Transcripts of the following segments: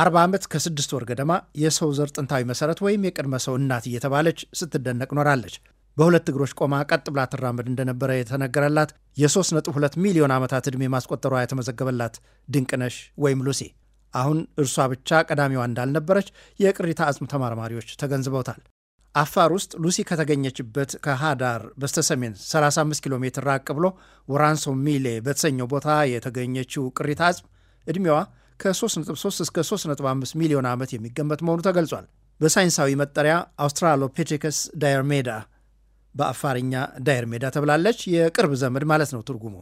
አርባ ዓመት ከስድስት ወር ገደማ የሰው ዘር ጥንታዊ መሰረት ወይም የቅድመ ሰው እናት እየተባለች ስትደነቅ ኖራለች። በሁለት እግሮች ቆማ ቀጥ ብላ ትራመድ እንደነበረ የተነገረላት የ3.2 ሚሊዮን ዓመታት ዕድሜ ማስቆጠሯ የተመዘገበላት ድንቅነሽ ወይም ሉሲ አሁን እርሷ ብቻ ቀዳሚዋ እንዳልነበረች የቅሪታ አጽም ተመራማሪዎች ተገንዝበውታል። አፋር ውስጥ ሉሲ ከተገኘችበት ከሃዳር በስተሰሜን 35 ኪሎ ሜትር ራቅ ብሎ ወራንሶ ሚሌ በተሰኘው ቦታ የተገኘችው ቅሪታ አጽም ዕድሜዋ ከ3.3 እስከ 3.5 ሚሊዮን ዓመት የሚገመት መሆኑ ተገልጿል። በሳይንሳዊ መጠሪያ አውስትራሎፔቴከስ ዳየርሜዳ በአፋርኛ ዳየርሜዳ ተብላለች። የቅርብ ዘመድ ማለት ነው ትርጉሙ።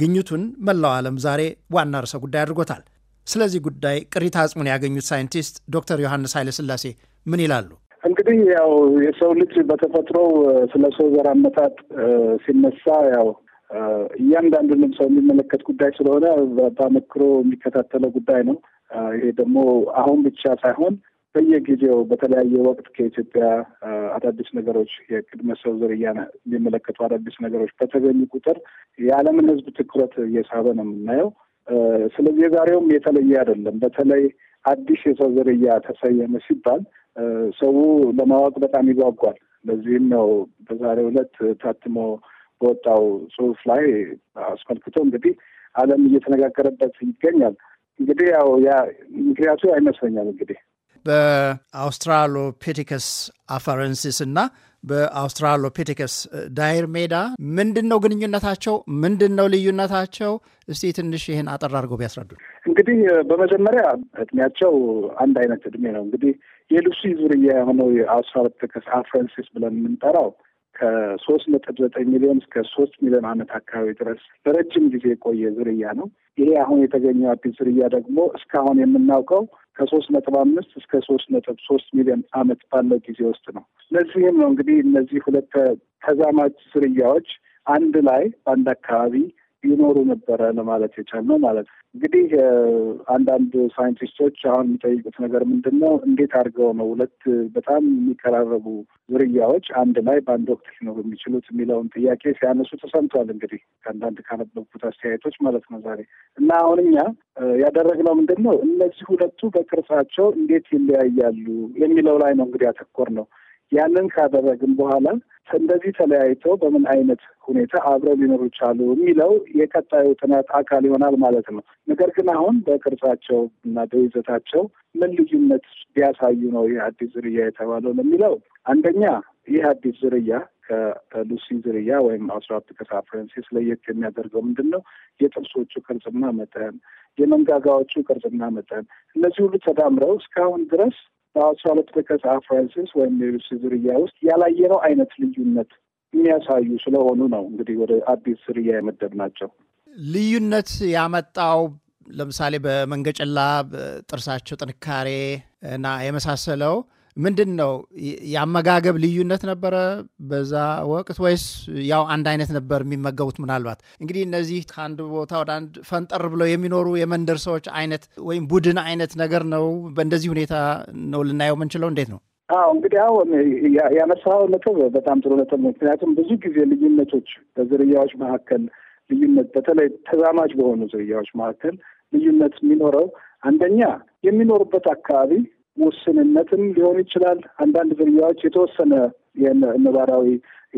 ግኝቱን መላው ዓለም ዛሬ ዋና ርዕሰ ጉዳይ አድርጎታል። ስለዚህ ጉዳይ ቅሪተ አጽሙን ያገኙት ሳይንቲስት ዶክተር ዮሐንስ ስላሴ ምን ይላሉ? እንግዲህ ያው የሰው ልጅ በተፈጥሮው ስለ ሰው ዘር አመጣጥ ሲነሳ ያው እያንዳንዱንም ሰው የሚመለከት ጉዳይ ስለሆነ በአመክሮ የሚከታተለው ጉዳይ ነው። ይሄ ደግሞ አሁን ብቻ ሳይሆን በየጊዜው በተለያየ ወቅት ከኢትዮጵያ አዳዲስ ነገሮች የቅድመ ሰው ዝርያ የሚመለከቱ አዳዲስ ነገሮች በተገኙ ቁጥር የዓለምን ሕዝብ ትኩረት እየሳበ ነው የምናየው። ስለዚህ የዛሬውም የተለየ አይደለም። በተለይ አዲስ የሰው ዝርያ ተሰየመ ሲባል ሰው ለማወቅ በጣም ይጓጓል። ለዚህም ነው በዛሬው ዕለት ታትሞ በወጣው ጽሁፍ ላይ አስመልክቶ እንግዲህ ዓለም እየተነጋገረበት ይገኛል። እንግዲህ ያው ምክንያቱ አይመስለኛል እንግዲህ በአውስትራሎፒቴከስ አፈረንሲስ እና በአውስትራሎፒቴከስ ዳይር ሜዳ ምንድን ነው ግንኙነታቸው? ምንድን ነው ልዩነታቸው? እስቲ ትንሽ ይህን አጠር አድርገው ቢያስረዱ። እንግዲህ በመጀመሪያ እድሜያቸው አንድ አይነት እድሜ ነው። እንግዲህ የሉሲ ዙርያ የሆነው የአውስትራሎፒቴከስ አፍረንሲስ ብለን የምንጠራው ከሶስት ነጥብ ዘጠኝ ሚሊዮን እስከ ሶስት ሚሊዮን ዓመት አካባቢ ድረስ በረጅም ጊዜ የቆየ ዝርያ ነው። ይሄ አሁን የተገኘው አዲስ ዝርያ ደግሞ እስካሁን የምናውቀው ከሶስት ነጥብ አምስት እስከ ሶስት ነጥብ ሶስት ሚሊዮን ዓመት ባለው ጊዜ ውስጥ ነው። ለዚህም ነው እንግዲህ እነዚህ ሁለት ተዛማጅ ዝርያዎች አንድ ላይ በአንድ አካባቢ ይኖሩ ነበረ ለማለት ነው ማለት ነው። እንግዲህ አንዳንድ ሳይንቲስቶች አሁን የሚጠይቁት ነገር ምንድን ነው? እንዴት አድርገው ነው ሁለት በጣም የሚቀራረቡ ዝርያዎች አንድ ላይ በአንድ ወቅት ሊኖሩ የሚችሉት የሚለውን ጥያቄ ሲያነሱ ተሰምቷል። እንግዲህ ከአንዳንድ ካነበብኩት አስተያየቶች ማለት ነው ዛሬ እና አሁን እኛ ያደረግነው ምንድን ነው እነዚህ ሁለቱ በቅርጻቸው እንዴት ይለያያሉ የሚለው ላይ ነው እንግዲህ ያተኮር ነው ያንን ካደረግን በኋላ እንደዚህ ተለያይተው በምን አይነት ሁኔታ አብረው ሊኖሩ ይቻሉ የሚለው የቀጣዩ ጥናት አካል ይሆናል ማለት ነው። ነገር ግን አሁን በቅርጻቸው እና በይዘታቸው ምን ልዩነት ቢያሳዩ ነው ይህ አዲስ ዝርያ የተባለው ለሚለው አንደኛ ይህ አዲስ ዝርያ ከሉሲ ዝርያ ወይም አውስትራሎፒቴከስ አፍረንሲስ ለየት የሚያደርገው ምንድን ነው? የጥርሶቹ ቅርጽና መጠን፣ የመንጋጋዎቹ ቅርጽና መጠን፣ እነዚህ ሁሉ ተዳምረው እስካሁን ድረስ በአዋሳ ሁለት ፍራንሲስ ወይም ሌሎች ዝርያ ውስጥ ያላየነው አይነት ልዩነት የሚያሳዩ ስለሆኑ ነው እንግዲህ ወደ አዲስ ዝርያ የመደብ ናቸው። ልዩነት ያመጣው ለምሳሌ በመንገጨላ ጥርሳቸው ጥንካሬ እና የመሳሰለው ምንድን ነው የአመጋገብ ልዩነት ነበረ በዛ ወቅት ወይስ ያው አንድ አይነት ነበር የሚመገቡት? ምናልባት እንግዲህ እነዚህ ከአንድ ቦታ ወደ አንድ ፈንጠር ብለው የሚኖሩ የመንደር ሰዎች አይነት ወይም ቡድን አይነት ነገር ነው። በእንደዚህ ሁኔታ ነው ልናየው የምንችለው። እንዴት ነው? አዎ እንግዲህ አሁን ያነሳኸው ነጥብ በጣም ጥሩ ነጥብ ነው። ምክንያቱም ብዙ ጊዜ ልዩነቶች በዝርያዎች መካከል ልዩነት በተለይ ተዛማጅ በሆኑ ዝርያዎች መካከል ልዩነት የሚኖረው አንደኛ የሚኖሩበት አካባቢ ውስንነትም ሊሆን ይችላል። አንዳንድ ዝርያዎች የተወሰነ ነባራዊ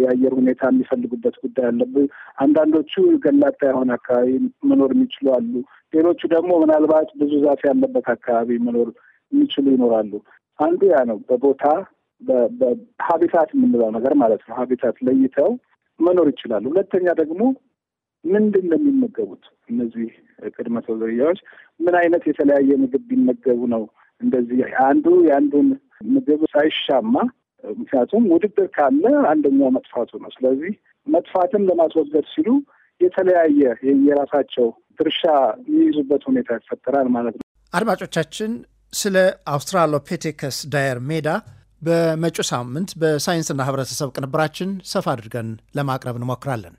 የአየር ሁኔታ የሚፈልጉበት ጉዳይ አለብህ። አንዳንዶቹ ገላጣ የሆነ አካባቢ መኖር የሚችሉ አሉ። ሌሎቹ ደግሞ ምናልባት ብዙ ዛፍ ያለበት አካባቢ መኖር የሚችሉ ይኖራሉ። አንዱ ያ ነው። በቦታ ሀቢታት የምንለው ነገር ማለት ነው። ሀቢታት ለይተው መኖር ይችላሉ። ሁለተኛ ደግሞ ምንድን ነው የሚመገቡት? እነዚህ ቅድመ ሰው ዝርያዎች ምን አይነት የተለያየ ምግብ ቢመገቡ ነው እንደዚህ አንዱ የአንዱን ምግብ ሳይሻማ ምክንያቱም ውድድር ካለ አንደኛው መጥፋቱ ነው። ስለዚህ መጥፋትን ለማስወገድ ሲሉ የተለያየ የራሳቸው ድርሻ የሚይዙበት ሁኔታ ይፈጠራል ማለት ነው። አድማጮቻችን፣ ስለ አውስትራሎፔቴከስ ዳየር ሜዳ በመጪው ሳምንት በሳይንስና ሕብረተሰብ ቅንብራችን ሰፋ አድርገን ለማቅረብ እንሞክራለን።